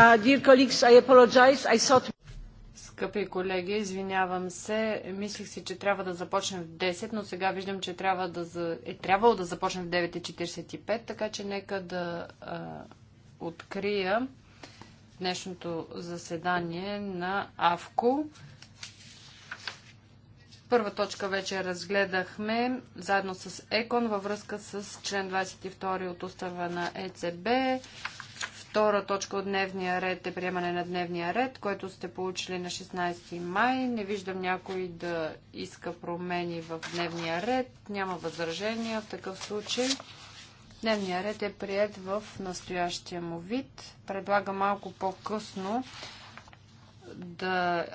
Uh, Скъпи колеги, извинявам се. Мислих си, че трябва да започнем в 10, но сега виждам, че трябва да за... е трябвало да започнем в 9.45, така че нека да а, открия днешното заседание на АВКО. Първа точка вече разгледахме заедно с ЕКОН във връзка с член 22 от устава на ЕЦБ. Втора точка от дневния ред е приемане на дневния ред, който сте получили на 16 май. Не виждам някой да иска промени в дневния ред. Няма възражения. В такъв случай дневния ред е прият в настоящия му вид. Предлагам малко по-късно да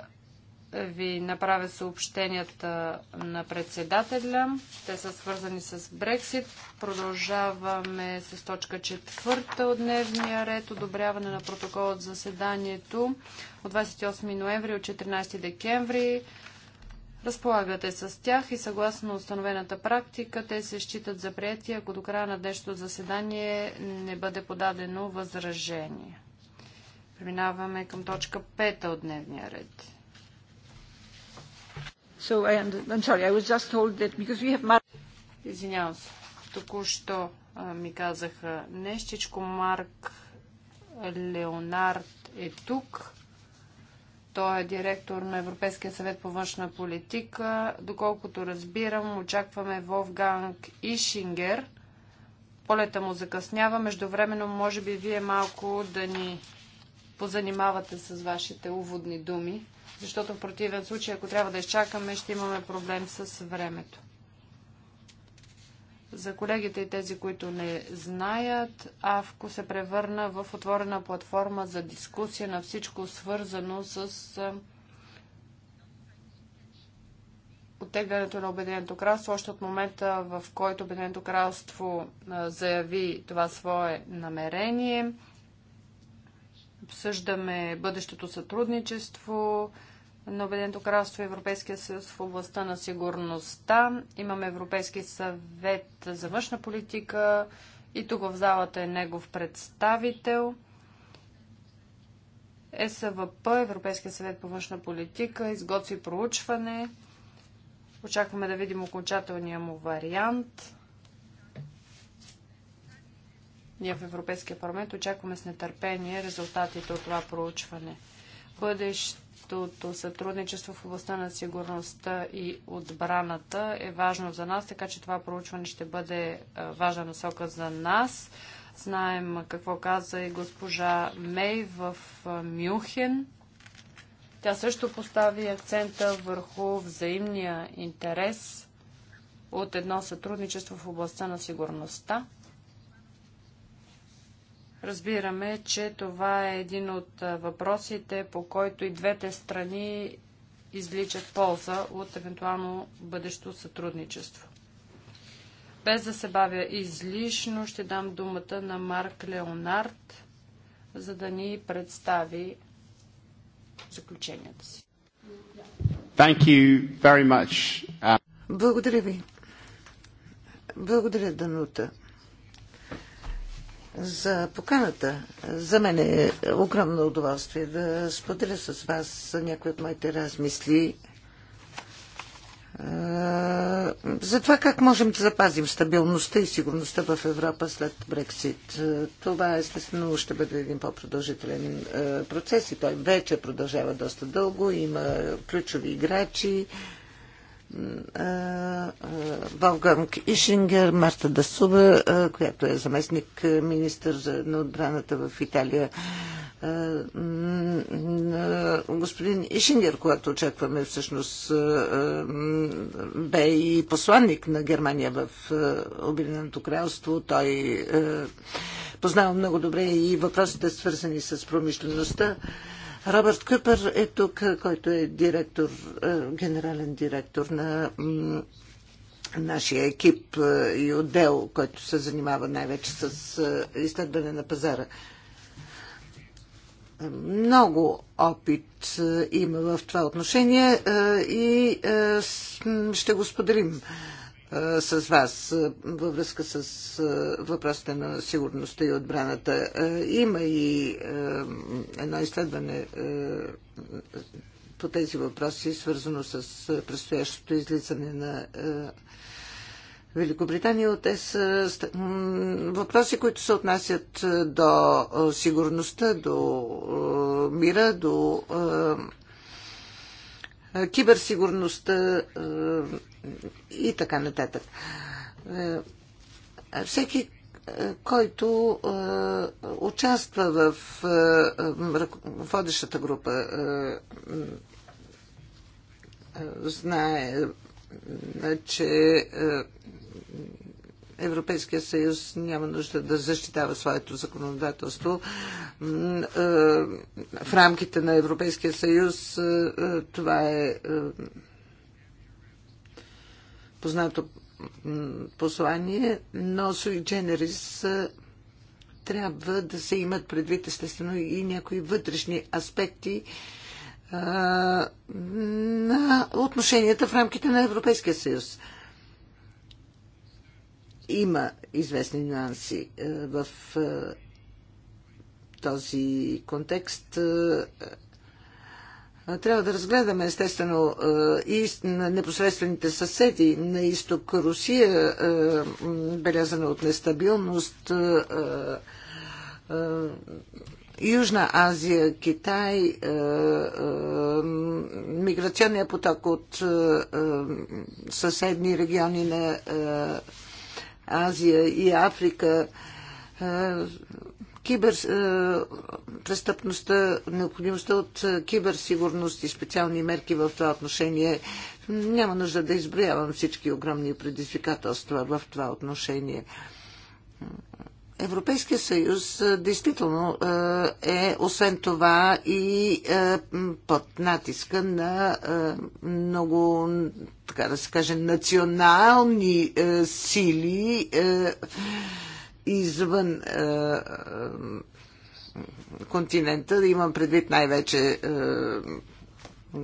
ви направя съобщенията на председателя. Те са свързани с Брексит. Продължаваме с точка четвърта от дневния ред. Одобряване на протокол от заседанието от 28 ноември от 14 декември. Разполагате с тях и съгласно установената практика те се считат за прияти, ако до края на днешното заседание не бъде подадено възражение. Преминаваме към точка 5 от дневния ред. So I am, sorry, I was just told that because we have... Извинявам се. Току-що ми казаха нещичко. Марк Леонард е тук. Той е директор на Европейския съвет по външна политика. Доколкото разбирам, очакваме Вовганг Ишингер. Полета му закъснява. Междувременно, може би, вие малко да ни позанимавате с вашите уводни думи, защото в противен случай, ако трябва да изчакаме, ще имаме проблем с времето. За колегите и тези, които не знаят, АВКО се превърна в отворена платформа за дискусия на всичко свързано с оттеглянето на Обединеното кралство, още от момента, в който Обединеното кралство заяви това свое намерение. Обсъждаме бъдещото сътрудничество на Обединеното кралство и Европейския съюз в областта на сигурността. Имаме Европейски съвет за външна политика и тук в залата е негов представител. ЕСВП, Европейския съвет по външна политика, изготви проучване. Очакваме да видим окончателния му вариант. Ние в Европейския парламент очакваме с нетърпение резултатите от това проучване. Бъдещото сътрудничество в областта на сигурността и отбраната е важно за нас, така че това проучване ще бъде важна насока за нас. Знаем какво каза и госпожа Мей в Мюнхен. Тя също постави акцента върху взаимния интерес от едно сътрудничество в областта на сигурността. Разбираме, че това е един от въпросите, по който и двете страни изличат полза от евентуално бъдещо сътрудничество. Без да се бавя излишно, ще дам думата на Марк Леонард, за да ни представи заключенията си. Благодаря ви. Благодаря, Данута за поканата. За мен е огромно удоволствие да споделя с вас някои от моите размисли е, за това как можем да запазим стабилността и сигурността в Европа след Брексит. Е, това естествено ще бъде един по-продължителен е, процес и той вече продължава доста дълго. Има ключови играчи, Волганг Ишингер, Марта Дасуба, която е заместник министър на отбраната в Италия. Господин Ишингер, когато очакваме всъщност, бе и посланник на Германия в Обединеното кралство. Той познава много добре и въпросите свързани с промишлеността. Робърт Къпър е тук, който е директор, е, генерален директор на нашия екип е, и отдел, който се занимава най-вече с е, изследване на пазара. Много опит има в това отношение и ще го споделим с вас във връзка с въпросите на сигурността и отбраната. Има и едно изследване по тези въпроси, свързано с предстоящото излизане на Великобритания от ЕС. Въпроси, които се отнасят до сигурността, до мира, до киберсигурността, и така нататък. Е, всеки, е, който е, участва в водещата група, знае, че Европейския съюз няма нужда да защитава своето законодателство. В рамките на Европейския съюз това е познато послание, но sui Дженерис трябва да се имат предвид естествено и някои вътрешни аспекти а, на отношенията в рамките на Европейския съюз. Има известни нюанси в този контекст трябва да разгледаме естествено и непосредствените съседи на изток Русия, белязана от нестабилност, Южна Азия, Китай, миграционния поток от съседни региони на Азия и Африка е, престъпността, необходимостта от е, киберсигурност и специални мерки в това отношение. Няма нужда да изброявам всички огромни предизвикателства в това отношение. Европейския съюз е, действително е, освен това, и под натиска на много, така да се каже, национални сили извън е, е континента, имам предвид най-вече е,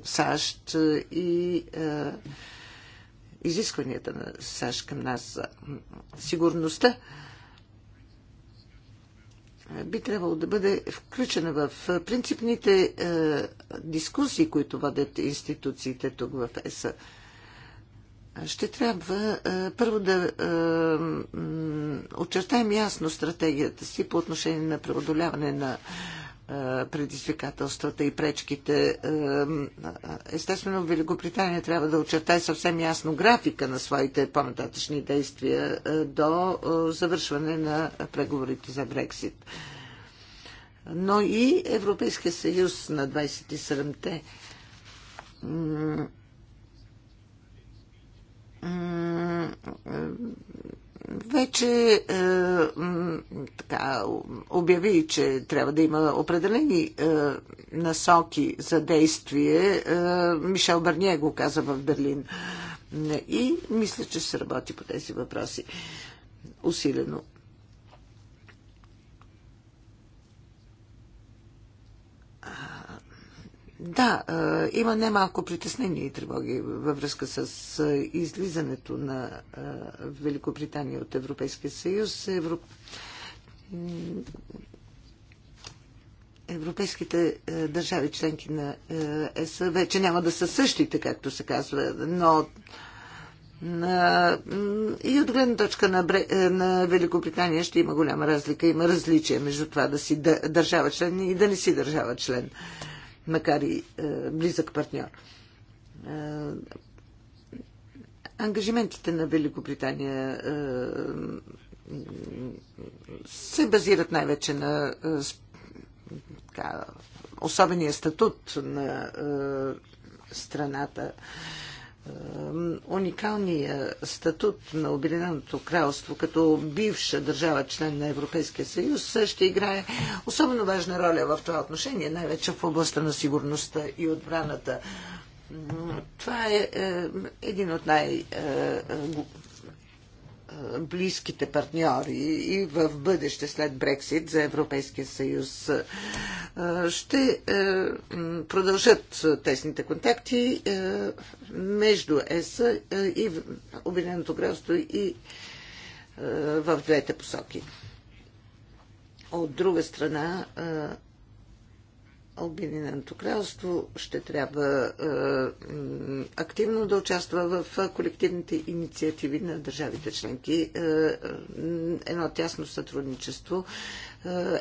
САЩ и е, изискванията на САЩ към нас за сигурността би трябвало да бъде включена в принципните е, дискусии, които водят институциите тук в ЕСА ще трябва е, първо да е, очертаем ясно стратегията си по отношение на преодоляване на е, предизвикателствата и пречките. Естествено, Великобритания трябва да очертае съвсем ясно графика на своите по-нататъчни действия до завършване на преговорите за Брексит. Но и Европейския съюз на 27-те вече е, така, обяви, че трябва да има определени е, насоки за действие. Е, Мишел Барние го каза в Берлин. И мисля, че се работи по тези въпроси усилено. Да, е, има немалко притеснения и тревоги във връзка с е, излизането на е, Великобритания от Европейския съюз. Европ... Европейските държави, членки на ЕС, вече няма да са същите, както се казва, но и от гледна точка на, Бре... на Великобритания ще има голяма разлика, има различие между това да си държава член и да не си държава член макар и е, близък партньор. Е, ангажиментите на Великобритания е, се базират най-вече на така, особения статут на страната уникалния статут на Обединеното кралство като бивша държава член на Европейския съюз ще играе особено важна роля в това отношение, най-вече в областта на сигурността и отбраната. Това е, е един от най- е, е, близките партньори и в бъдеще след Брексит за Европейския съюз ще е, продължат тесните контакти е, между ЕС е, и Обединеното кралство и в двете посоки. От друга страна, Обединеното кралство ще трябва е, активно да участва в е, колективните инициативи на държавите членки. Е, е едно тясно сътрудничество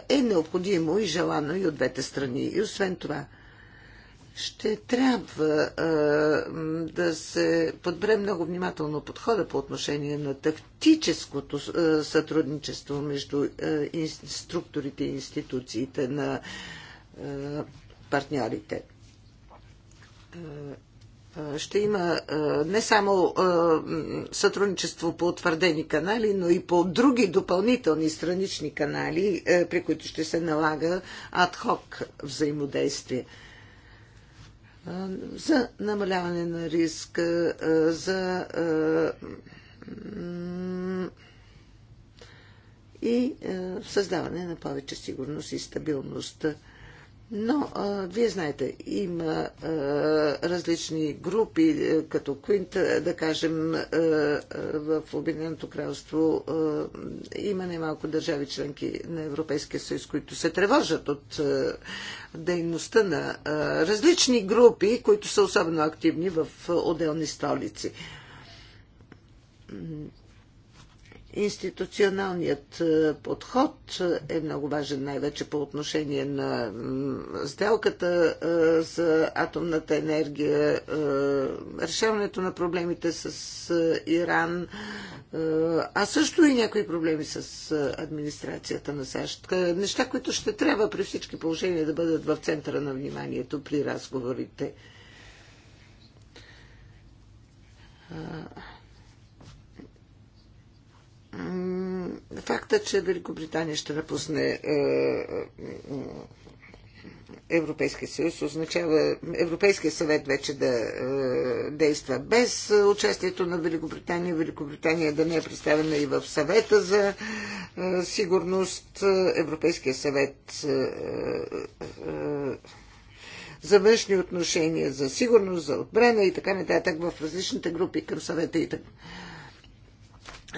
е, е необходимо и желано и от двете страни. И освен това, ще трябва е, да се подбере много внимателно подхода по отношение на тактическото е, сътрудничество между е, структурите и институциите на партньорите. Е, е, ще има е, не само сътрудничество по утвърдени канали, но и по други допълнителни странични канали, при които ще се налага адхок взаимодействие за намаляване на риска, за и създаване на повече сигурност и стабилност. Но, а, вие знаете, има а, различни групи, е, като Квинт, е, да кажем, а, е, в Обединеното кралство а, има немалко държави членки на Европейския съюз, които се тревожат от а, дейността на а, различни групи, които са особено активни в отделни столици. Институционалният е, подход е много важен, най-вече по отношение на сделката е, за атомната енергия, е, решаването на проблемите с Иран, а също и някои проблеми с администрацията на САЩ. Неща, които ще трябва при всички положения да бъдат в центъра на вниманието при разговорите факта, че Великобритания ще напусне е, е, е, Европейския съюз означава Европейския съвет вече да е, действа без участието на Великобритания. Великобритания да не е представена и в съвета за е, сигурност. Европейския съвет е, е, за външни отношения, за сигурност, за отбрана и така нататък в различните групи към съвета и така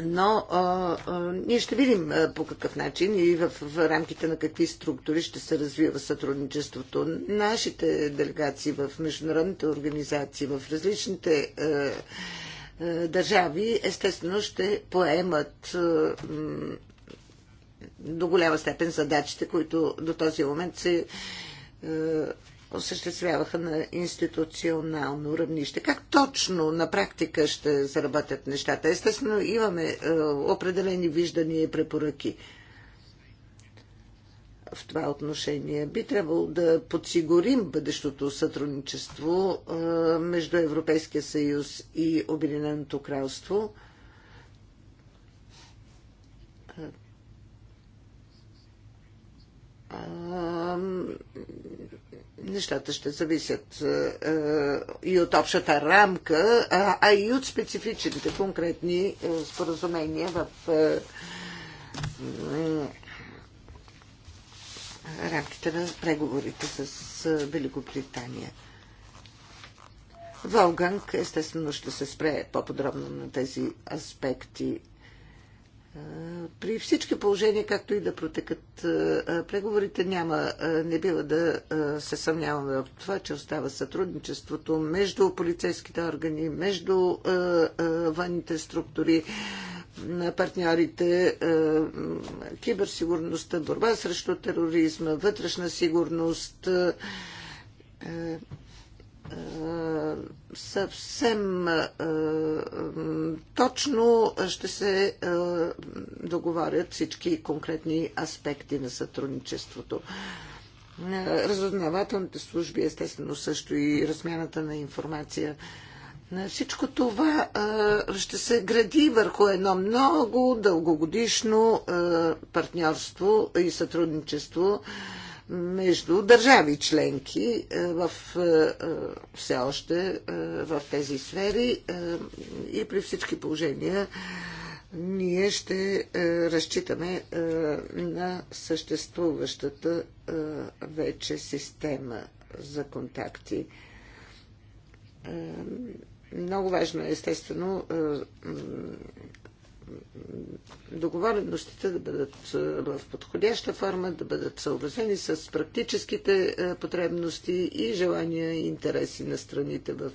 но а, а, ние ще видим а, по какъв начин и в, в рамките на какви структури ще се развива сътрудничеството. Нашите делегации в международните организации, в различните а, а, държави, естествено ще поемат а, м, до голяма степен задачите, които до този момент се а, осъществяваха на институционално равнище. Как точно на практика ще заработят нещата? Естествено, имаме е, определени виждания и препоръки в това отношение. Би трябвало да подсигурим бъдещото сътрудничество е, между Европейския съюз и Обединеното кралство. Е, нещата ще зависят е, е, и от общата рамка, а и от специфичните конкретни е, споразумения в рамките на преговорите с Великобритания. Волганг естествено ще се спре по-подробно на тези аспекти при всички положения, както и да протекат преговорите, няма, не бива да се съмняваме в това, че остава сътрудничеството между полицейските органи, между военните структури, на партньорите, киберсигурността, борба срещу тероризма, вътрешна сигурност, е, съвсем е, е, точно ще се договарят всички конкретни аспекти на сътрудничеството. Разузнавателните служби, естествено, също и размяната на информация. Всичко това ще се гради върху едно много дългогодишно партньорство и сътрудничество между държави членки е, в, е, е, все още в тези сфери и при всички положения ние ще разчитаме на съществуващата вече система за контакти. Много важно е, естествено, договореностите да бъдат в подходяща форма, да бъдат съобразени с практическите потребности и желания и интереси на страните в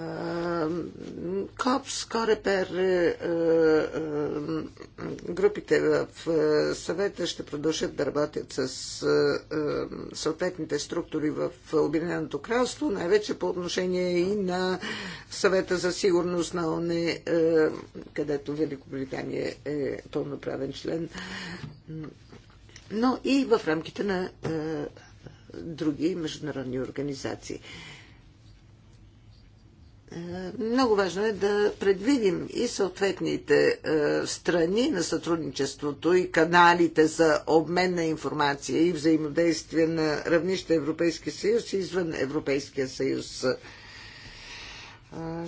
Е, КОПС, Корепер, е, е, групите в съвета ще продължат да работят с съответните структури в Обединеното кралство, най-вече по отношение и на съвета за сигурност на ОНЕ, където Великобритания е пълноправен член, но и в рамките на други международни организации. Много важно е да предвидим и съответните е, страни на сътрудничеството и каналите за обмен на информация и взаимодействие на равнище Европейски съюз и извън Европейския съюз. Е,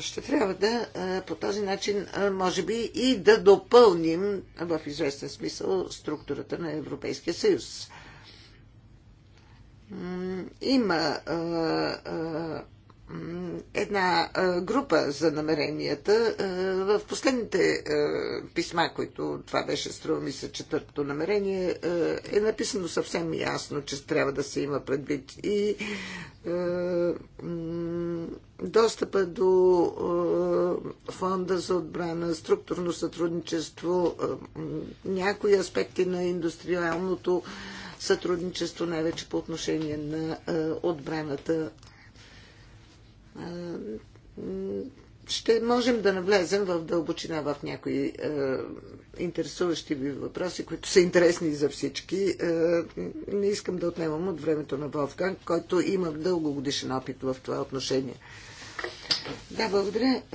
ще трябва да е, по този начин, може би, и да допълним в известен смисъл структурата на Европейския съюз. Има една група за намеренията. В последните писма, които това беше, струва ми се, четвъртото намерение, е написано съвсем ясно, че трябва да се има предвид и достъпа до фонда за отбрана, структурно сътрудничество, някои аспекти на индустриалното сътрудничество, най-вече по отношение на отбраната ще можем да навлезем в дълбочина в някои е, интересуващи ви въпроси, които са интересни за всички. Е, не искам да отнемам от времето на Вовкан, който има дългогодишен опит в това отношение. Да, благодаря, е,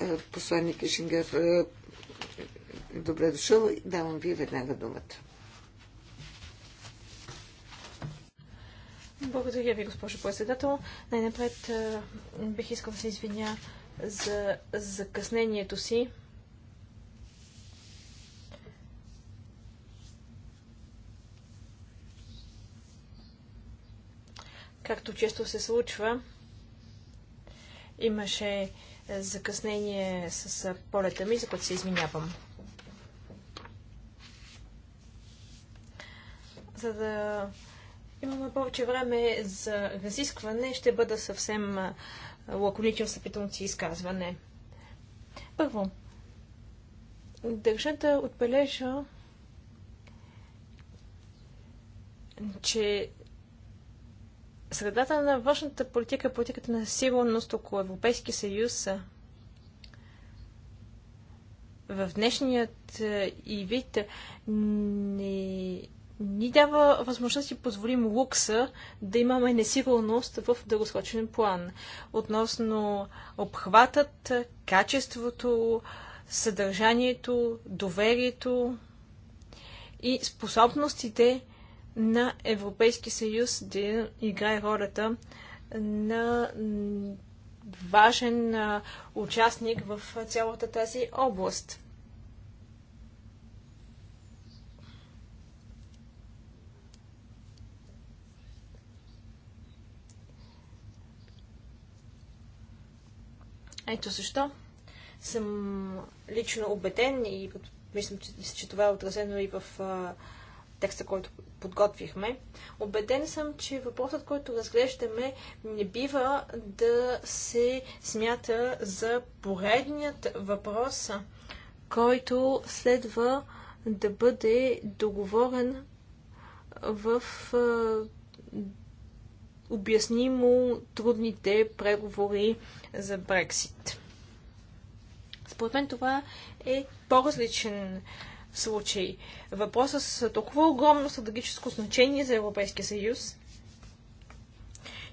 е, посланник Ишингер. Е, добре дошъл. Давам ви веднага думата. Благодаря ви, госпожо председател. Най-напред бих искал да се извиня за закъснението си. Както често се случва, имаше закъснение с полета ми, за което се извинявам. За да Имаме повече време за разискване. Ще бъда съвсем лаконичен с си изказване. Първо, държа да отбележа, че средата на външната политика и е политиката на сигурност около Европейския съюз в днешният и вид не ни дава възможност да си позволим лукса да имаме несигурност в дългосрочен план относно обхватът, качеството, съдържанието, доверието и способностите на Европейски съюз да играе ролята на важен участник в цялата тази област. Ето защо съм лично убеден и мислям, че, че това е отразено и в а, текста, който подготвихме. Обеден съм, че въпросът, който разглеждаме, не бива да се смята за поредният въпрос, който следва да бъде договорен в а, обяснимо трудните преговори за Брексит. Според мен това е по-различен случай. Въпросът с толкова огромно стратегическо значение за Европейския съюз,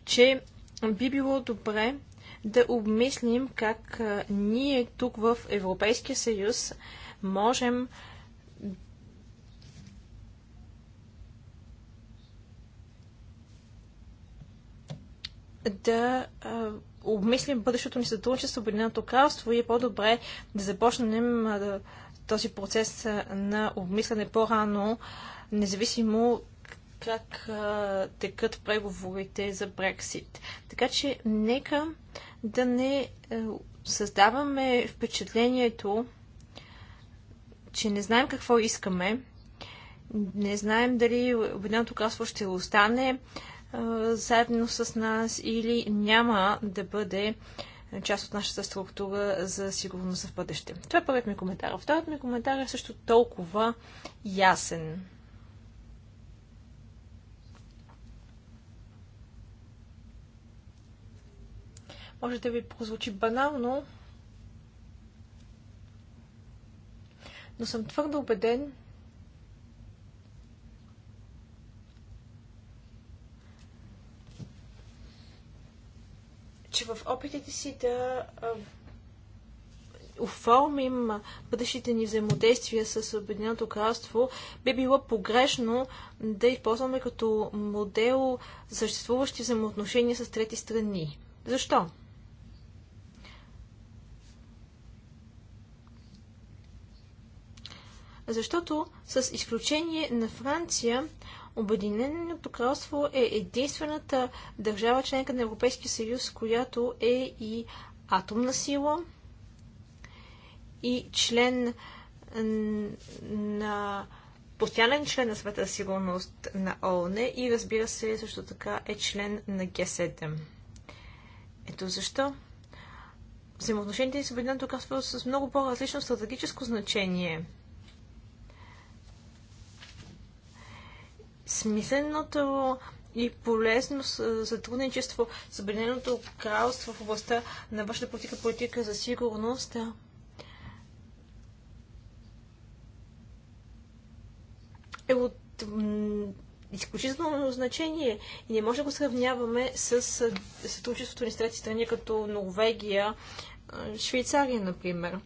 че би било добре да обмислим как ние тук в Европейския съюз можем да обмислим бъдещото ни сътрудничество с Обединеното кралство и е по-добре да започнем този процес на обмислене по-рано, независимо как а, текат преговорите за Брексит. Така че нека да не а, е, създаваме впечатлението, че не знаем какво искаме, не знаем дали Обединеното кралство ще остане заедно с нас или няма да бъде част от нашата структура за сигурност в бъдеще. Това е първият ми коментар. Вторият ми коментар е също толкова ясен. Може да ви прозвучи банално, но съм твърдо убеден, че в опитите си да оформим бъдещите ни взаимодействия с Обединеното кралство, би било погрешно да използваме като модел съществуващи взаимоотношения с трети страни. Защо? Защото с изключение на Франция, Обединеното кралство е единствената държава членка на Европейския съюз, която е и атомна сила и член на постоянен член на света сигурност на ООН и разбира се също така е член на Г7. Ето защо взаимоотношенията ни с Обединеното кралство са с много по-различно стратегическо значение – смисленото и полезно сътрудничество с Обединеното кралство в областта на външна политика, политика за сигурност. е от изключително значение и не може да го сравняваме с сътрудничеството ни с трети страни, като Норвегия, Швейцария, например.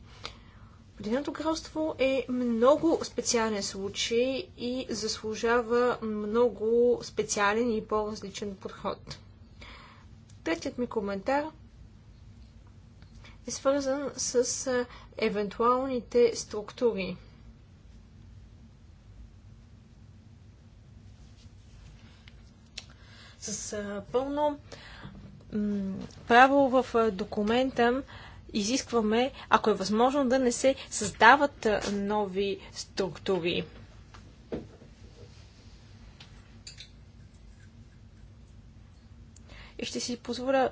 Обединеното кралство е много специален случай и заслужава много специален и по-различен подход. Третият ми коментар е свързан с евентуалните структури. С пълно право в документа изискваме, ако е възможно, да не се създават нови структури. И ще си позволя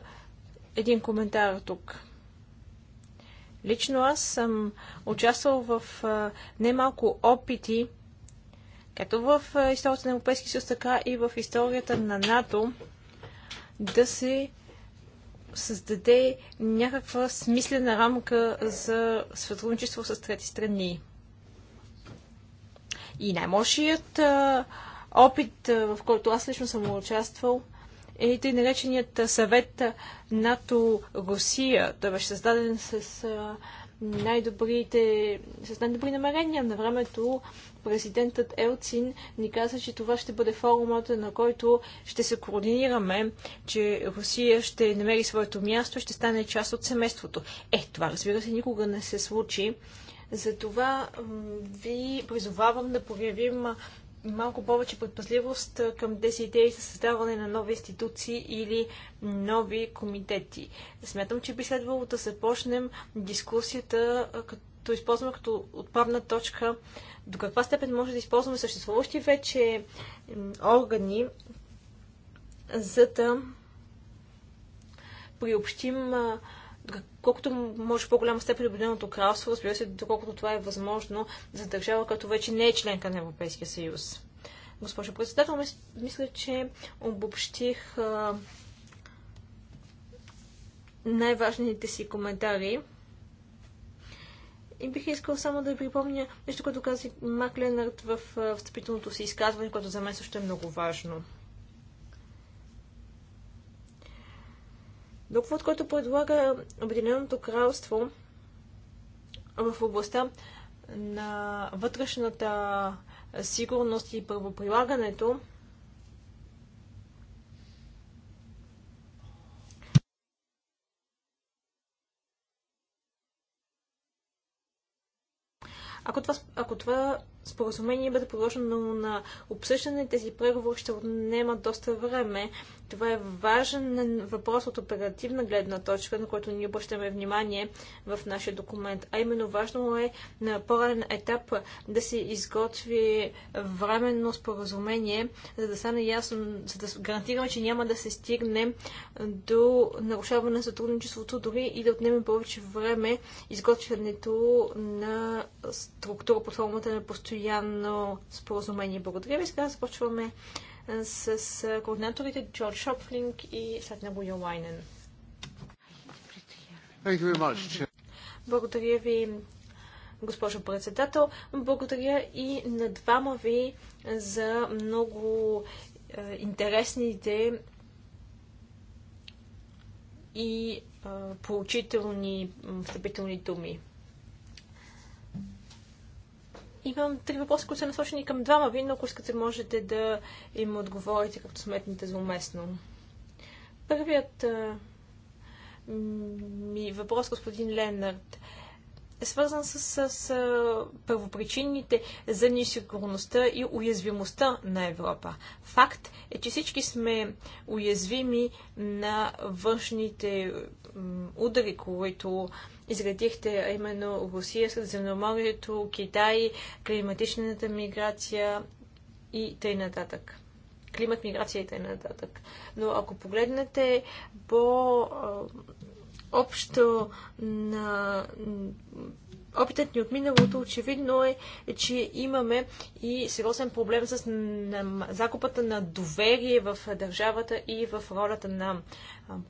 един коментар тук. Лично аз съм участвал в немалко опити, както в историята на Европейския съюз, така и в историята на НАТО, да се създаде някаква смислена рамка за сътрудничество с трети страни. И най-мощият опит, в който аз лично съм участвал, е тъй нареченият съвет НАТО-Русия. Той беше създаден с най-добрите, с най-добри намерения. На времето президентът Елцин ни каза, че това ще бъде форумът, на който ще се координираме, че Русия ще намери своето място, и ще стане част от семейството. Е, това разбира се никога не се случи. Затова ви призовавам да проявим малко повече предпазливост към тези идеи за създаване на нови институции или нови комитети. Смятам, че би следвало да започнем дискусията като то използваме като отправна точка, до каква степен може да използваме съществуващи вече органи, за да приобщим колкото може по-голяма степен Обединеното кралство, разбира се, доколкото това е възможно за държава, като вече не е членка на Европейския съюз. Госпожо председател, мисля, че обобщих най-важните си коментари. И бих искал само да припомня нещо, което каза Мак Ленард в встъпителното си изказване, което за мен също е много важно. Доклад, който предлага Обединеното кралство в областта на вътрешната сигурност и правоприлагането, Ако това, ако това споразумение бъде подложено на обсъждане, тези преговори ще отнемат доста време. Това е важен въпрос от оперативна гледна точка, на който ние обръщаме внимание в нашия документ. А именно важно е на по-ранен етап да се изготви временно споразумение, за да стане ясно, за да гарантираме, че няма да се стигне до нарушаване на сътрудничеството, дори и да отнеме повече време изготвянето на структура под формата на постоянно постоянно споразумение. Благодаря ви. Сега започваме с координаторите Джордж Шопфлинг и Сатна Бойолайнен. Благодаря ви, госпожо председател. Благодаря и на двама ви за много е, интересните и е, поучителни встъпителни думи. Имам три въпроса, които са насочени към двама ви, но ако искате, можете да им отговорите, както сметните за уместно. Първият ми въпрос, господин Ленард, е свързан с, с, с първопричините за несигурността и уязвимостта на Европа. Факт е, че всички сме уязвими на външните удари, които изредихте, а именно Русия, Средиземноморието, Китай, климатичната миграция и тъй нататък. Климат, миграция и тъй нататък. Но ако погледнете по общо на Опитът ни от миналото очевидно е, че имаме и сериозен проблем с закупата на доверие в държавата и в ролята на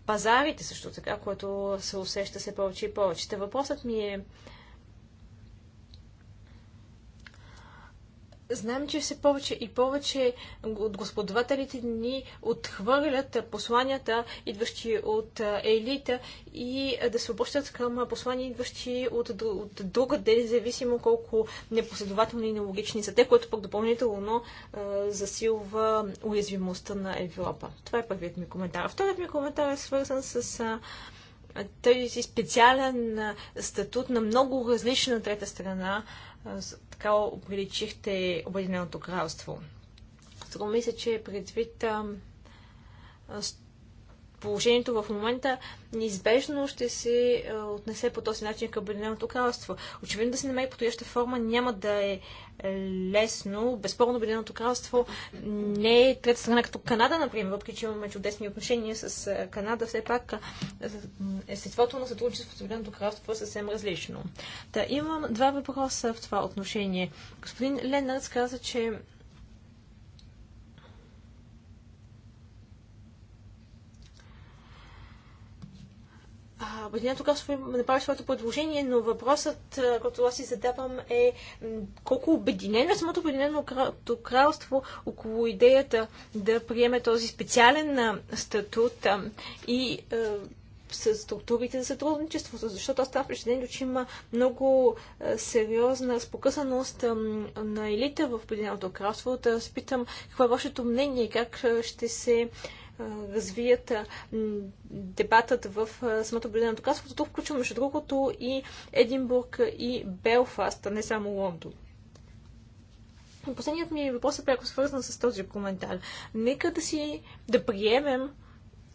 пазарите също така, което се усеща се повече и повече. Въпросът ми е Знам, че все повече и повече от господавателите ни отхвърлят посланията, идващи от елита и да се обръщат към послания, идващи от, от друга ден, зависимо колко непоследователни и нелогични са те, което пък допълнително засилва уязвимостта на Европа. Това е първият ми коментар. Вторият ми коментар е свързан с този специален статут на много различна трета страна, така увеличихте Обединеното кралство. Струва се, че предвид положението в момента неизбежно ще се е, отнесе по този начин към Обединеното кралство. Очевидно да се намери подходяща форма няма да е, е лесно. Безспорно Обединеното кралство не е трета страна като Канада, например, въпреки че имаме чудесни отношения с е, Канада, все пак естеството на сътрудничеството с Обединеното кралство е съвсем различно. Та, имам два въпроса в това отношение. Господин Ленърс каза, че Обединеното кралство направи своето предложение, но въпросът, който аз си задавам е колко обединено е самото Обединено кралство около идеята да приеме този специален статут и с структурите за сътрудничеството, защото аз става впечатление, че има много сериозна спокъсаност на елита в Обединеното кралство. Да спитам какво е вашето мнение, как ще се развият дебатът в самото Обединеното кралство. Тук включваме, между другото, и Единбург и Белфаст, а не само Лондон. Последният ми въпрос е пряко свързан с този коментар. Нека да си да приемем,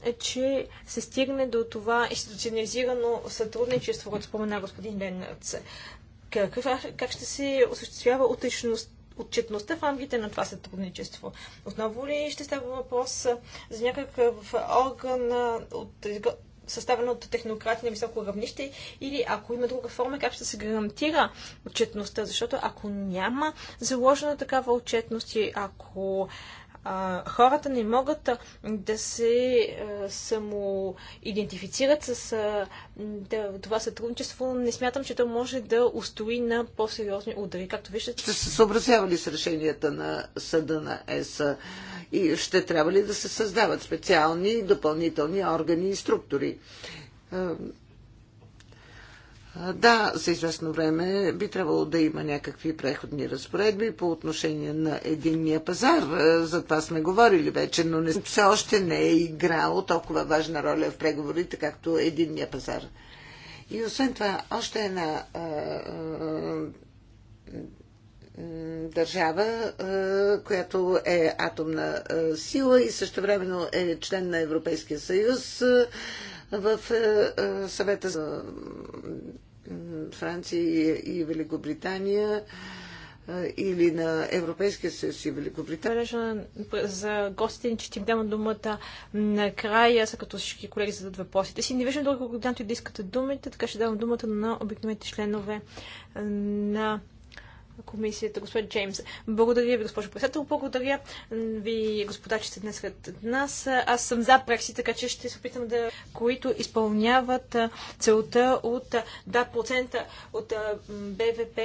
е, че се стигне до това институционализирано сътрудничество, което спомена господин Ленърце. Как, как ще се осъществява утрешност, отчетността в рамките на това сътрудничество. Отново ли ще става въпрос за някакъв орган от съставена от технократи на високо равнище или ако има друга форма, как ще се гарантира отчетността, защото ако няма заложена такава отчетност и ако хората не могат да се самоидентифицират с това сътрудничество, не смятам, че то може да устои на по-сериозни удари. Както виждате. Ще се съобразявали с решенията на съда на ЕС и ще трябва ли да се създават специални допълнителни органи и структури? Да, за известно време би трябвало да има някакви преходни разпоредби по отношение на единния пазар. Е, за това сме говорили вече, но не, все още не е играло толкова важна роля в преговорите, както единния пазар. И освен това, още една а, е, а, е, държава, а, която е атомна а, сила и също времено е член на Европейския съюз. А, в съвета за Франция и Великобритания или на Европейския съюз и Великобритания. За гостите че ти дам думата накрая, са като всички колеги зададат въпросите си. Не виждам друго, когато да искате думите, така ще давам думата на обикновените членове на комисията, господин Джеймс. Благодаря ви, госпожо председател. Благодаря ви, господа, че сте днес след нас. Аз съм за прекси, така че ще се опитам да... които изпълняват целта от 2% от БВП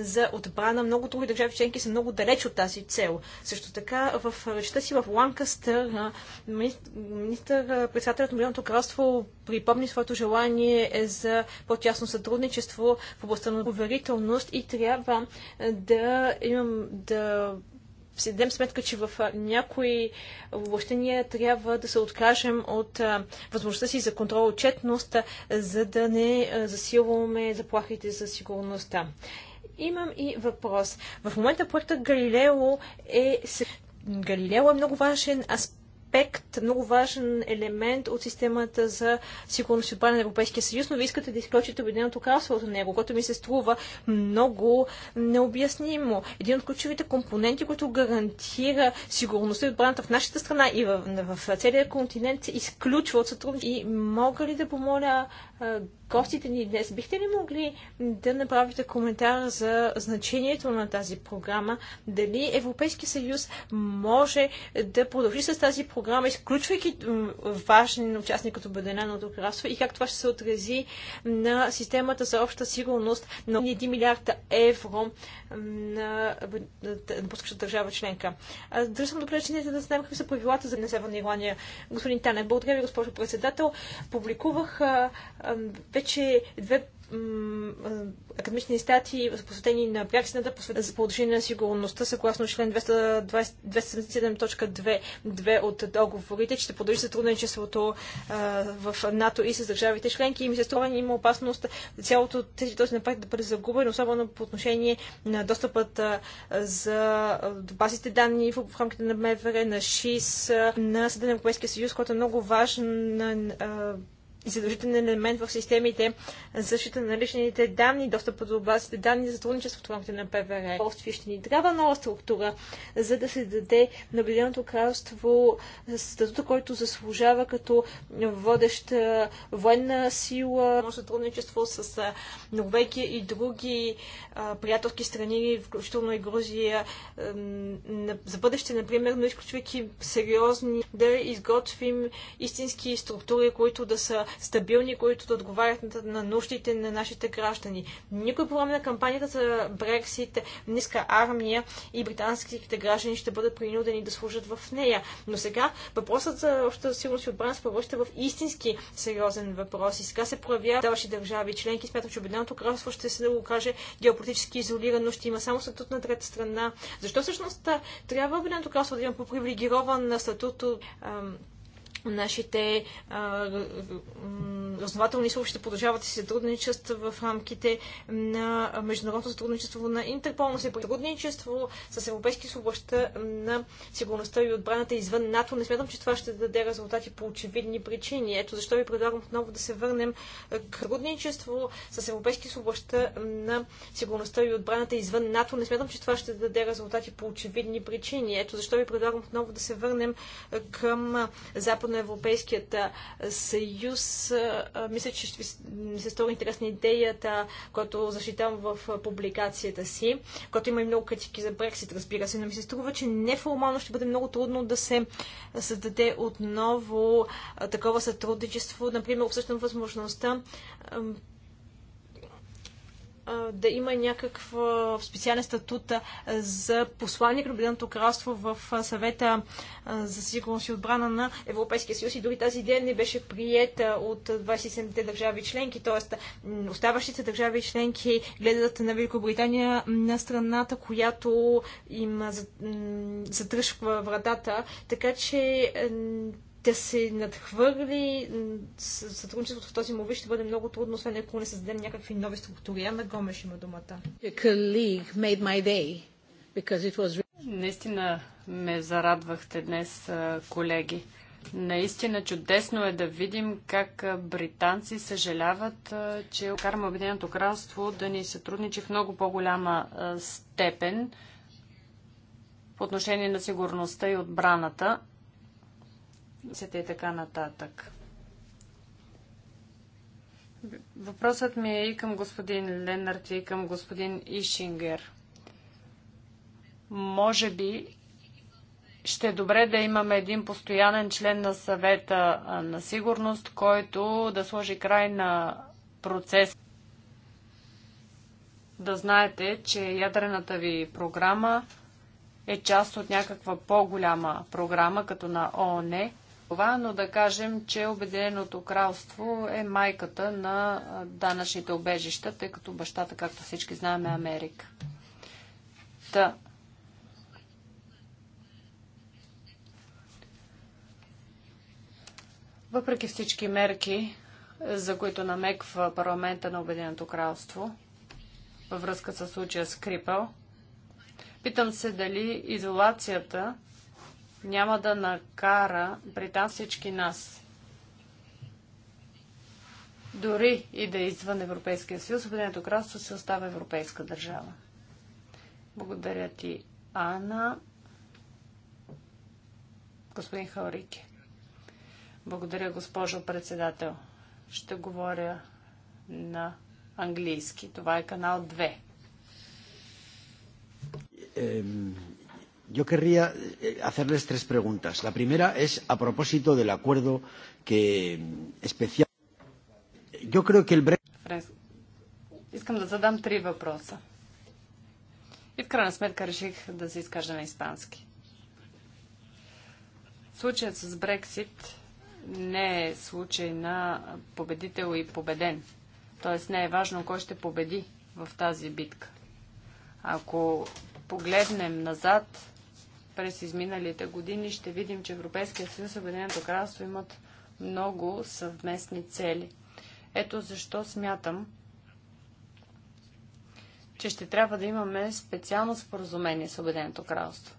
за отбрана. Много други държави членки са много далеч от тази цел. Също така, в речта си в Ланкастър, министър-председателят на Милионното кралство припомни своето желание е за по-тясно сътрудничество в областта на поверителност и трябва е, да имам да си дадем сметка, че в е, някои въобще ние трябва да се откажем от възможността си за контрол отчетност, за да не засилваме заплахите за сигурността. Имам и въпрос. В момента проектът Галилео е... Галилео е много важен аспект аспект, много важен елемент от системата за сигурност и отбрана на Европейския съюз, но ви искате да изключите Обединеното кралство от него, което ми се струва много необяснимо. Един от ключовите компоненти, който гарантира сигурността и отбраната в нашата страна и в, в целия континент, се изключва от сътрудничество. И мога ли да помоля гостите ни днес, бихте ли могли да направите коментар за значението на тази програма? Дали Европейския съюз може да продължи с тази програма? програма, изключвайки важен участник като Бъденаното кралство и как това ще се отрази на системата за обща сигурност на 1 милиарда евро на, на държава членка. Държа до добре, че да знаем какви са правилата за Северна Ирландия. Господин Тане, благодаря ви, госпожо председател. Публикувах вече две академични статии, посветени на пряксината за положение на сигурността, съгласно член 277.2 от договорите, ще продължи сътрудничеството в НАТО и с държавите членки. И ми се струва, има опасност цялото тези този напред да бъде загубен, особено по отношение на достъпът за базите данни в, рамките на МВР, на ШИС, на Съединен Европейския съюз, който е много важен задължителен елемент в системите за защита на личните данни, достъп до базите данни, сътрудничество в рамките на ПВР. Полствие ще ни трябва нова структура, за да се даде на Обединеното кралство статута, който заслужава като водеща военна сила, сътрудничество с Норвегия и други приятелски страни, включително и Грузия, за бъдеще, например, но изключвайки сериозни, да изготвим истински структури, които да са стабилни, които да отговарят на нуждите на нашите граждани. Никой по време на кампанията за Брексит, ниска армия и британските граждани ще бъдат принудени да служат в нея. Но сега въпросът за общата сигурност и отбрана се превръща в истински сериозен въпрос. И сега се проявяват даващи държави членки. смятат, че Обединеното кралство ще се да го каже геополитически изолирано, ще има само статут на трета страна. Защо всъщност трябва Обединеното кралство да има по-привилегирован статут Нашите разнователни служби ще продължават и сътрудничат в рамките на международното сътрудничество на Интерпол, но се сътрудничество с Европейски службаща на сигурността и отбраната извън НАТО. Не смятам, че това ще даде резултати по очевидни причини. Ето защо ви предлагам отново да се върнем к сътрудничество с Европейски службаща на сигурността и отбраната извън НАТО. Не смятам, че това ще даде резултати по очевидни причини. Ето защо ви предлагам отново да се върнем към Западна на Европейският съюз. Мисля, че ще ми се стори интересна идеята, която защитавам в публикацията си, която има и много критики за Брексит, разбира се, но ми се струва, че неформално ще бъде много трудно да се създаде отново такова сътрудничество. Например, обсъщам възможността да има някакъв специален статут за посланник на Обединеното кралство в съвета за сигурност и отбрана на Европейския съюз и дори тази идея не беше приета от 27-те държави членки, т.е. оставащите държави членки гледат на Великобритания на страната, която им задръжва вратата, така че да се надхвърли сътрудничеството в този му ще бъде много трудно, освен ако не създадем някакви нови структури. Анна Гомеш има думата. Наистина ме зарадвахте днес, колеги. Наистина чудесно е да видим как британци съжаляват, че караме Обединеното кралство да ни сътрудничи в много по-голяма степен по отношение на сигурността и отбраната и така нататък. Въпросът ми е и към господин Ленарт, и към господин Ишингер. Може би ще е добре да имаме един постоянен член на съвета на сигурност, който да сложи край на процес. Да знаете, че ядрената ви програма е част от някаква по-голяма програма, като на ООН, това, но да кажем, че Обединеното кралство е майката на данъчните обежища, тъй като бащата, както всички знаем, е Америка. Та. Въпреки всички мерки, за които намеква парламента на Обединеното кралство, във връзка с случая с Крипъл, питам се дали изолацията няма да накара Британ всички нас. Дори и да е извън Европейския съюз, Обединеното кралство се остава европейска държава. Благодаря ти, Ана. Господин Хаорике. Благодаря, госпожо председател. Ще говоря на английски. Това е канал 2. Yo querría eh, hacerles tres preguntas. La primera es a propósito del acuerdo que mm, especial. Yo creo que el Brexit. Искам да задам три въпроса. И в крайна сметка реших да се изкажа на испански. Случаят с Брексит не е случай на победител и победен. Тоест не е важно кой ще победи в тази битка. Ако погледнем назад, през изминалите години, ще видим, че Европейския съюз и Обединеното кралство имат много съвместни цели. Ето защо смятам, че ще трябва да имаме специално споразумение с Обединеното кралство.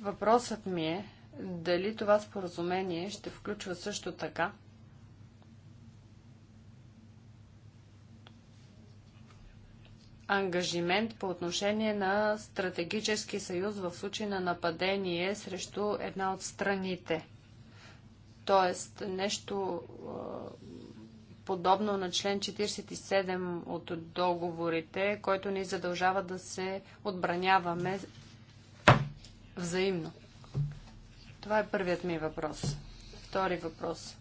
Въпросът ми е дали това споразумение ще включва също така ангажимент по отношение на стратегически съюз в случай на нападение срещу една от страните. Тоест нещо подобно на член 47 от договорите, който ни задължава да се отбраняваме взаимно. Това е първият ми въпрос. Втори въпрос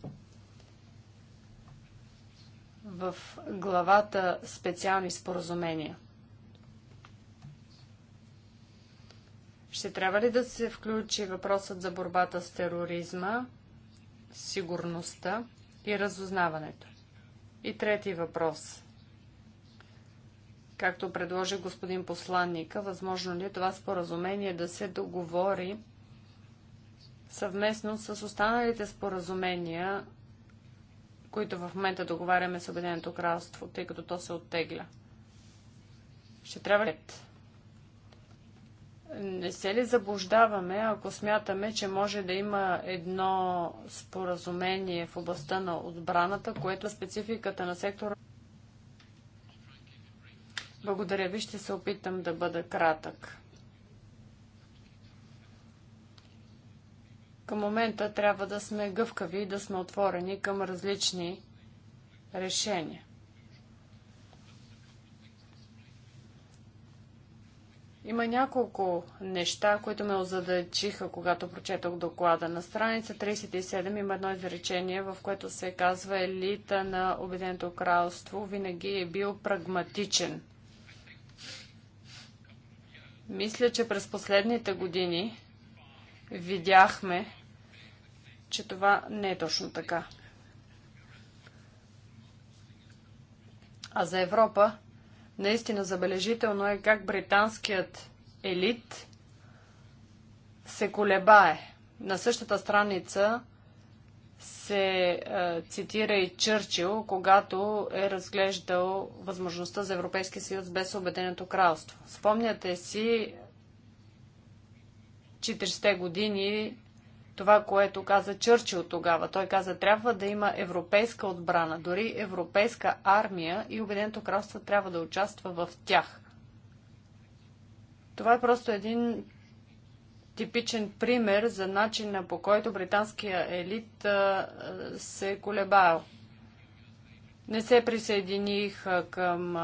в главата специални споразумения. Ще трябва ли да се включи въпросът за борбата с тероризма, сигурността и разузнаването? И трети въпрос. Както предложи господин посланника, възможно ли е това споразумение да се договори съвместно с останалите споразумения които в момента договаряме с Обединеното кралство, тъй като то се оттегля. Ще трябва ли? Не се ли заблуждаваме, ако смятаме, че може да има едно споразумение в областта на отбраната, което е спецификата на сектора. Благодаря ви, ще се опитам да бъда кратък. Към момента трябва да сме гъвкави и да сме отворени към различни решения. Има няколко неща, които ме озадачиха, когато прочетох доклада. На страница 37 има едно изречение, в което се казва елита на Обеденото кралство винаги е бил прагматичен. Мисля, че през последните години видяхме, че това не е точно така. А за Европа наистина забележително е как британският елит се колебае. На същата страница се е, цитира и Чърчил, когато е разглеждал възможността за Европейския съюз без Обединеното кралство. Спомняте си 40-те години това, което каза Чърчил тогава. Той каза, трябва да има европейска отбрана, дори европейска армия и Обединеното кралство трябва да участва в тях. Това е просто един типичен пример за начина по който британския елит се е колебал. Не се присъединих към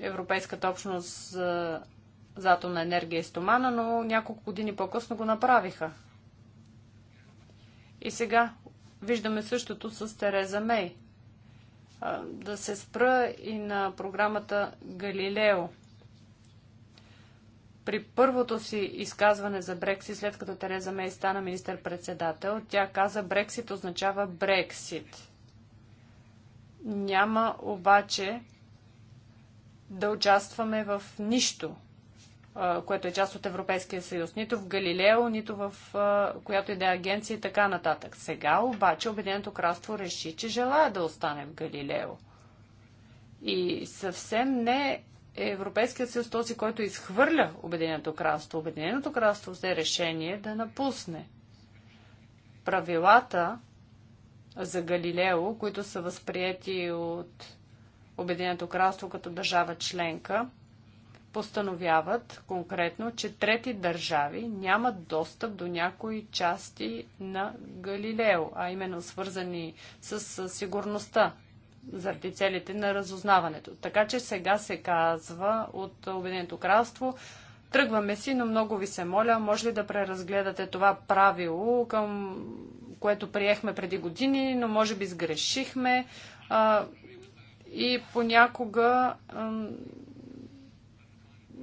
Европейската общност за атомна енергия и стомана, но няколко години по-късно го направиха. И сега виждаме същото с Тереза Мей. Да се спра и на програмата Галилео. При първото си изказване за Брексит, след като Тереза Мей стана министър-председател, тя каза Брексит означава Брексит. Няма обаче да участваме в нищо което е част от Европейския съюз, нито в Галилео, нито в която и да е агенция и така нататък. Сега обаче Обединеното кралство реши, че желая да остане в Галилео. И съвсем не е Европейският съюз този, който изхвърля Обединеното кралство. Обединеното кралство взе решение да напусне. Правилата за Галилео, които са възприяти от Обединеното кралство като държава членка, постановяват конкретно, че трети държави нямат достъп до някои части на Галилео, а именно свързани с сигурността заради целите на разузнаването. Така че сега се казва от Обединеното кралство, тръгваме си, но много ви се моля, може ли да преразгледате това правило, към което приехме преди години, но може би сгрешихме а, и понякога а,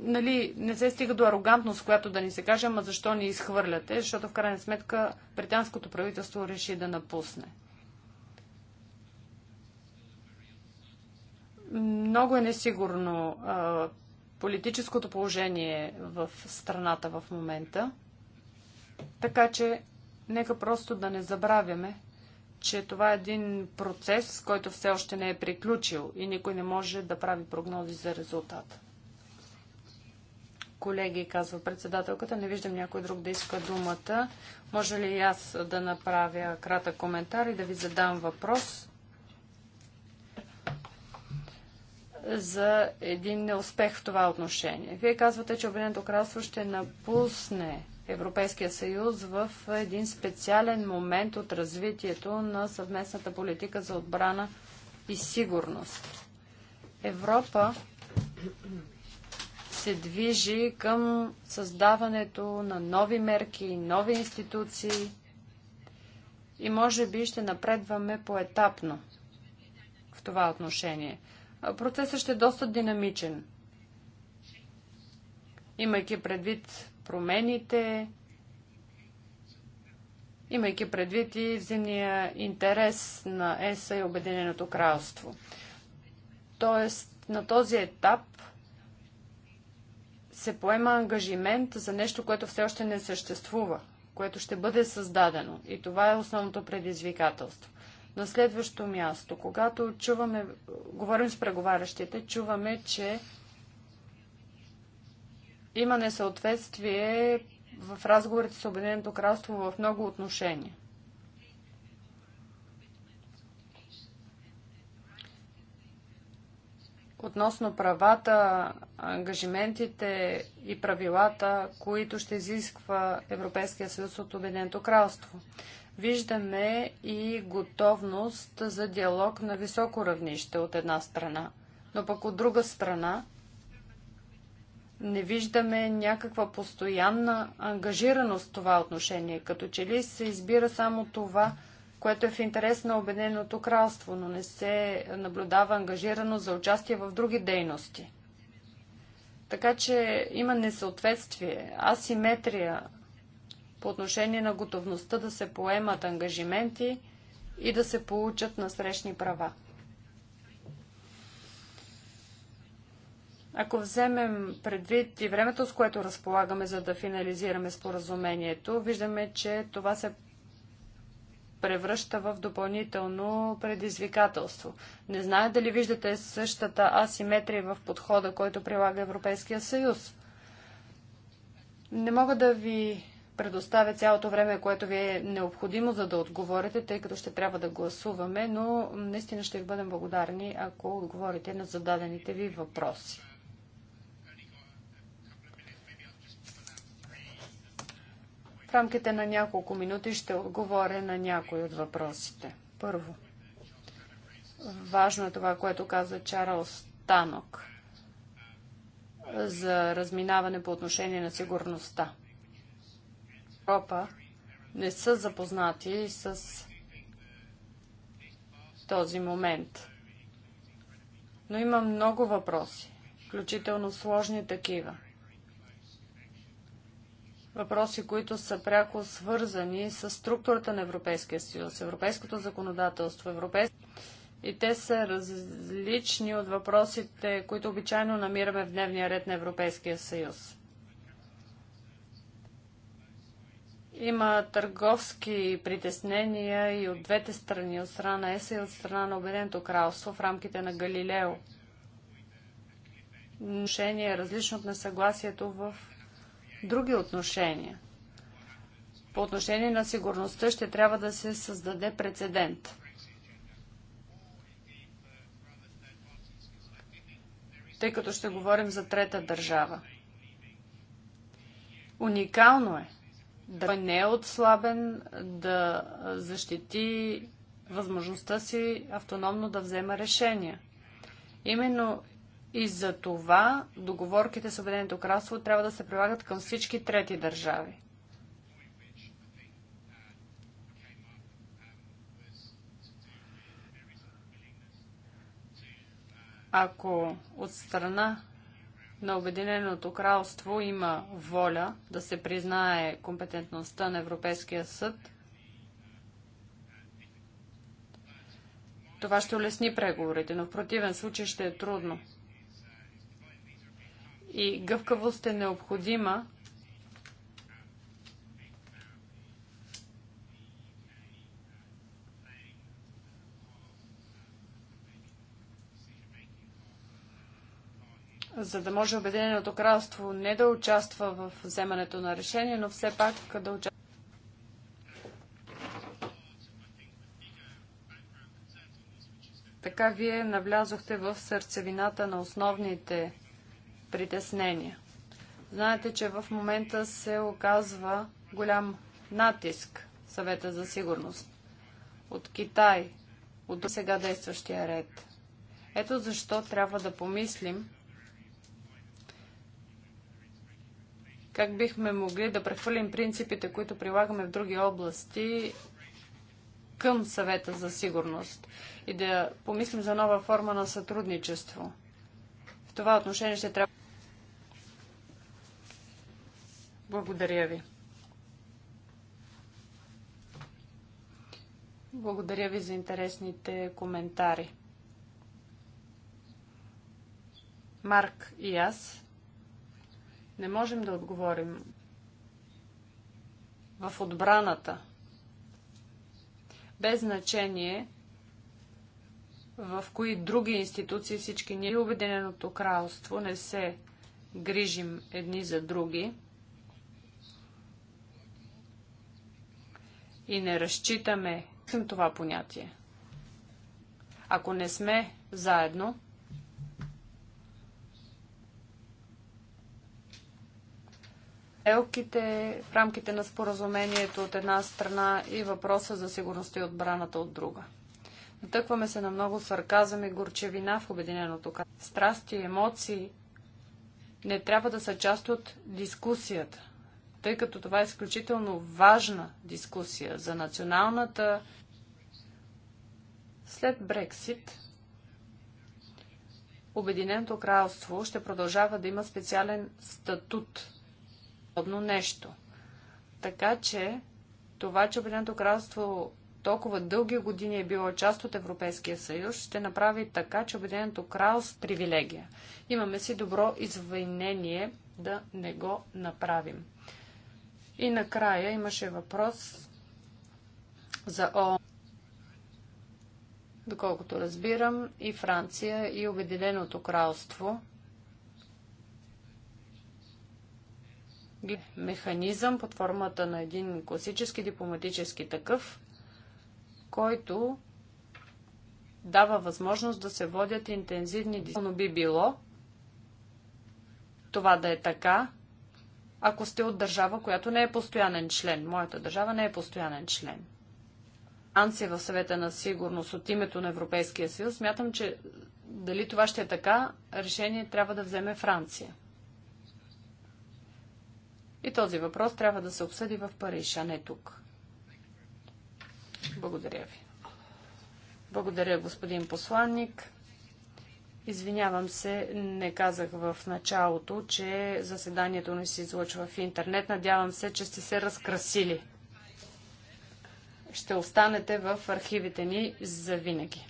нали, не се стига до арогантност, която да ни се каже, ама защо ни изхвърляте, защото в крайна сметка британското правителство реши да напусне. Много е несигурно а, политическото положение в страната в момента, така че нека просто да не забравяме, че това е един процес, който все още не е приключил и никой не може да прави прогнози за резултата колеги, казва председателката. Не виждам някой друг да иска думата. Може ли аз да направя кратък коментар и да ви задам въпрос за един неуспех в това отношение? Вие казвате, че Обединеното кралство ще напусне Европейския съюз в един специален момент от развитието на съвместната политика за отбрана и сигурност. Европа се движи към създаването на нови мерки, нови институции и може би ще напредваме поетапно в това отношение. Процесът ще е доста динамичен, имайки предвид промените, имайки предвид и взимния интерес на ЕСА и Обединеното кралство. Тоест, на този етап се поема ангажимент за нещо, което все още не съществува, което ще бъде създадено. И това е основното предизвикателство. На следващо място, когато чуваме, говорим с преговарящите, чуваме, че има несъответствие в разговорите с Обединеното кралство в много отношения. относно правата, ангажиментите и правилата, които ще изисква Европейския съюз от Обединеното кралство. Виждаме и готовност за диалог на високо равнище от една страна, но пък от друга страна не виждаме някаква постоянна ангажираност в това отношение, като че ли се избира само това, което е в интерес на Обединеното кралство, но не се наблюдава ангажирано за участие в други дейности. Така че има несъответствие, асиметрия по отношение на готовността да се поемат ангажименти и да се получат насрещни права. Ако вземем предвид и времето, с което разполагаме, за да финализираме споразумението, виждаме, че това се превръща в допълнително предизвикателство. Не знае дали виждате същата асиметрия в подхода, който прилага Европейския съюз. Не мога да ви предоставя цялото време, което ви е необходимо, за да отговорите, тъй като ще трябва да гласуваме, но наистина ще ви бъдем благодарни, ако отговорите на зададените ви въпроси. В рамките на няколко минути ще отговоря на някои от въпросите. Първо, важно е това, което каза Чарлз Танок за разминаване по отношение на сигурността. Европа не са запознати с този момент. Но има много въпроси, включително сложни такива въпроси, които са пряко свързани с структурата на Европейския съюз, европейското законодателство, европейско и те са различни от въпросите, които обичайно намираме в дневния ред на Европейския съюз. Има търговски притеснения и от двете страни, от страна на ЕС и от страна на Обединеното кралство в рамките на Галилео. Отношение е различно от несъгласието в други отношения. По отношение на сигурността ще трябва да се създаде прецедент. Тъй като ще говорим за трета държава. Уникално е да не е отслабен, да защити възможността си автономно да взема решения. Именно и за това договорките с Обединеното кралство трябва да се прилагат към всички трети държави. Ако от страна на Обединеното кралство има воля да се признае компетентността на Европейския съд, това ще улесни преговорите, но в противен случай ще е трудно и гъвкавост е необходима, за да може Обединеното кралство не да участва в вземането на решение, но все пак да участва. Така вие навлязохте в сърцевината на основните притеснения. Знаете, че в момента се оказва голям натиск съвета за сигурност от Китай, от сега действащия ред. Ето защо трябва да помислим как бихме могли да прехвърлим принципите, които прилагаме в други области към съвета за сигурност и да помислим за нова форма на сътрудничество. В това отношение ще трябва Благодаря ви. Благодаря ви за интересните коментари. Марк и аз не можем да отговорим в отбраната. Без значение в кои други институции всички ние Обединеното кралство не се грижим едни за други – и не разчитаме към това понятие. Ако не сме заедно, елките в рамките на споразумението от една страна и въпроса за сигурността и отбраната от друга. Натъкваме се на много сарказъм и горчевина в Обединеното кралство. Страсти, емоции не трябва да са част от дискусията – тъй като това е изключително важна дискусия за националната след Брексит. Обединеното кралство ще продължава да има специален статут. Подобно нещо. Така че това, че Обединеното кралство толкова дълги години е било част от Европейския съюз, ще направи така, че Обединеното кралство привилегия. Имаме си добро извинение да не го направим. И накрая имаше въпрос за О. Доколкото разбирам, и Франция, и Обединеното кралство механизъм под формата на един класически дипломатически такъв, който дава възможност да се водят интензивни дискусии. би било това да е така, ако сте от държава, която не е постоянен член. Моята държава не е постоянен член. Анция е в съвета на сигурност от името на Европейския съюз, смятам, че дали това ще е така, решение трябва да вземе Франция. И този въпрос трябва да се обсъди в Париж, а не тук. Благодаря ви. Благодаря, господин посланник. Извинявам се, не казах в началото, че заседанието не се излъчва в интернет. Надявам се, че сте се разкрасили. Ще останете в архивите ни за винаги.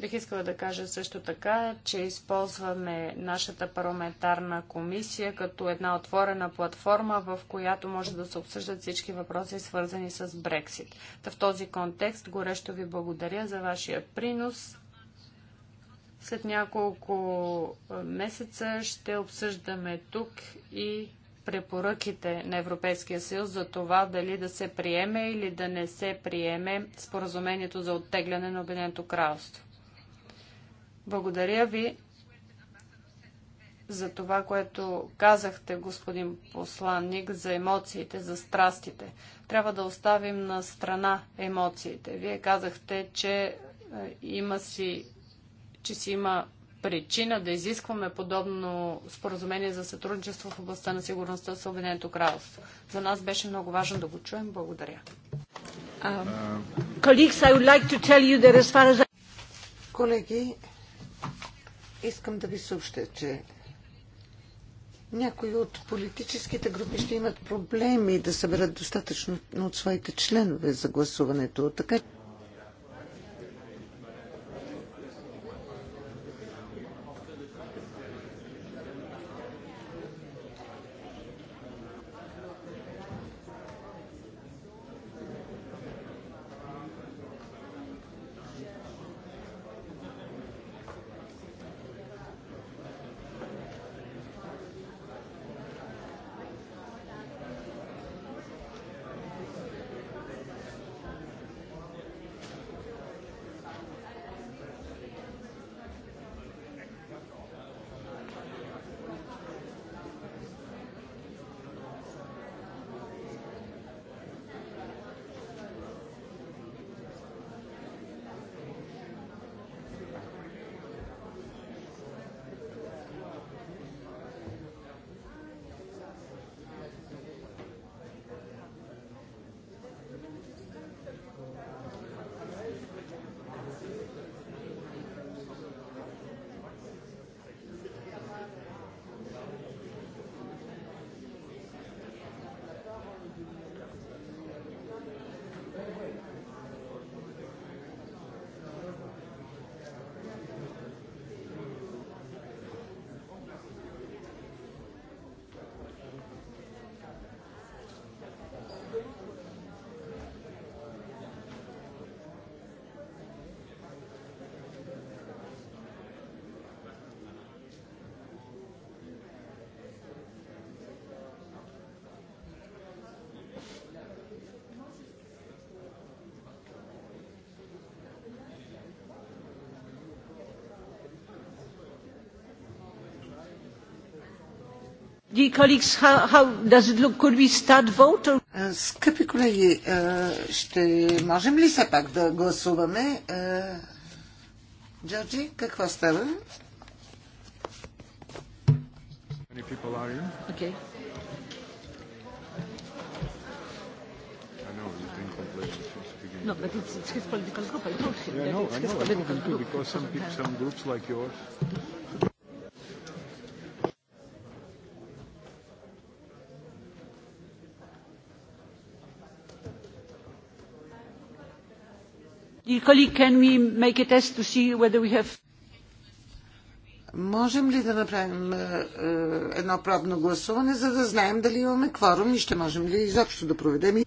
Бих искала да кажа също така, че използваме нашата парламентарна комисия като една отворена платформа, в която може да се обсъждат всички въпроси, свързани с Брексит. в този контекст горещо ви благодаря за вашия принос след няколко месеца ще обсъждаме тук и препоръките на Европейския съюз за това дали да се приеме или да не се приеме споразумението за оттегляне на Обединеното кралство. Благодаря ви за това, което казахте, господин посланник, за емоциите, за страстите. Трябва да оставим на страна емоциите. Вие казахте, че има си че си има причина да изискваме подобно споразумение за сътрудничество в областта на сигурността с Обединеното кралство. За нас беше много важно да го чуем. Благодаря. Um, Колеги, искам да ви съобща, че някои от политическите групи ще имат проблеми да съберат достатъчно от своите членове за гласуването. Така Скъпи колеги, ще можем ли все пак да гласуваме? Джорджи, какво става? Okay. No, but it's, it's his political group. I told him yeah, that no, it's his I know, political I know group. Because some, some groups like yours Можем ли да направим е, е, едно пробно гласуване, за да знаем дали имаме кворум и ще можем ли изобщо да проведем?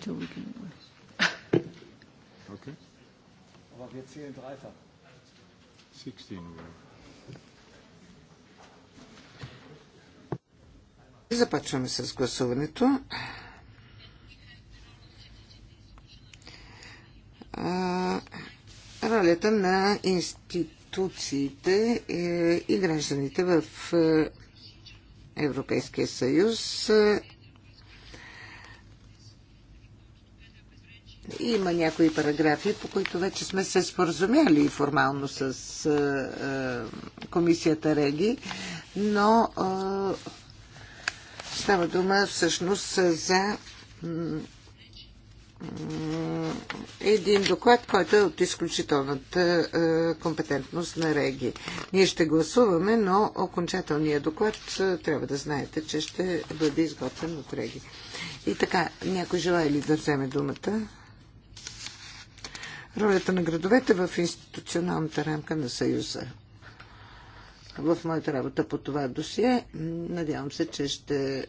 Okay. Започваме с гласуването. ролята на институциите е, и гражданите в е, Европейския съюз. Има някои параграфи, по които вече сме се споразумяли формално с е, комисията Реги, но става дума всъщност за един доклад, който е от изключителната е, компетентност на Реги. Ние ще гласуваме, но окончателният доклад е, трябва да знаете, че ще бъде изготвен от Реги. И така, някой желая ли да вземе думата? Ролята на градовете в институционалната рамка на Съюза. В моята работа по това досие надявам се, че ще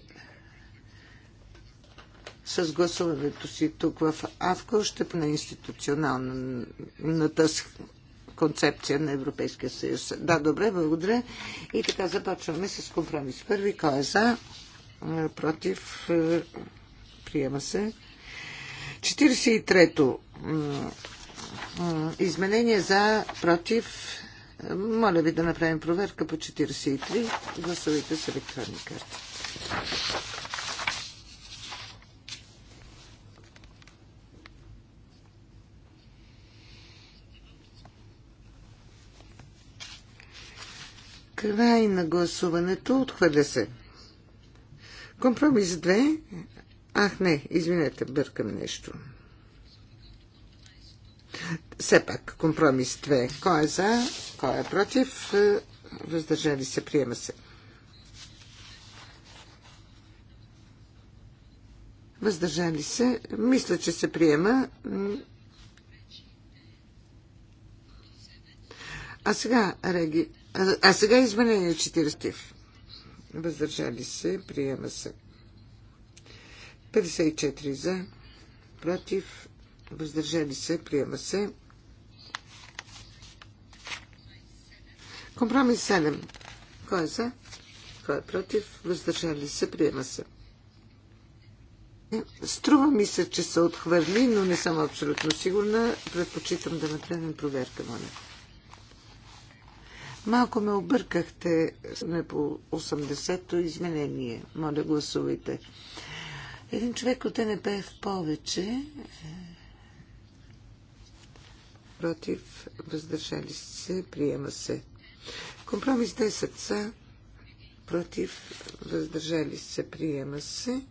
с гласуването си тук в АВКО ще е на институционалната концепция на Европейския съюз. Да, добре, благодаря. И така започваме с компромис. Първи, кой е за? Е, против? Е, приема се. 43-то изменение за, против. Моля ви да направим проверка по 43. Гласувайте с електронни карти. Край на гласуването. Отхвърля се. Компромис 2. Ах, не, извинете, бъркам нещо. Все пак, компромис 2. Кой е за, кой е против, въздържали се, приема се. Въздържали се, мисля, че се приема. А сега, Реги а сега изменение 40. Въздържали се. Приема се. 54 за. Против. Въздържали се. Приема се. Компромис 7. Кой е за? Кой е против? Въздържали се. Приема се. Струва ми се, че са отхвърли, но не съм абсолютно сигурна. Предпочитам да направим проверка, моля. Малко ме объркахте. Сме по 80-то изменение. Моля, гласувайте. Един човек от НП в повече. Против, въздържали се, приема се. Компромис 10 са. Против, въздържали се, приема се.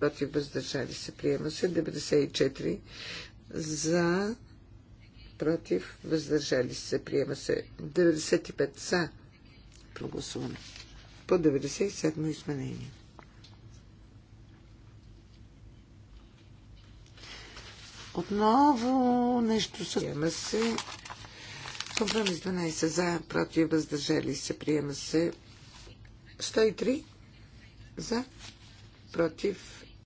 Против, въздържали се, приема се. 94 за против, въздържали се, приема се 95 за прогласуване. По 97 изменение. Отново нещо се приема се. Компромис 12 за, против, въздържали се, приема се 103 за, против,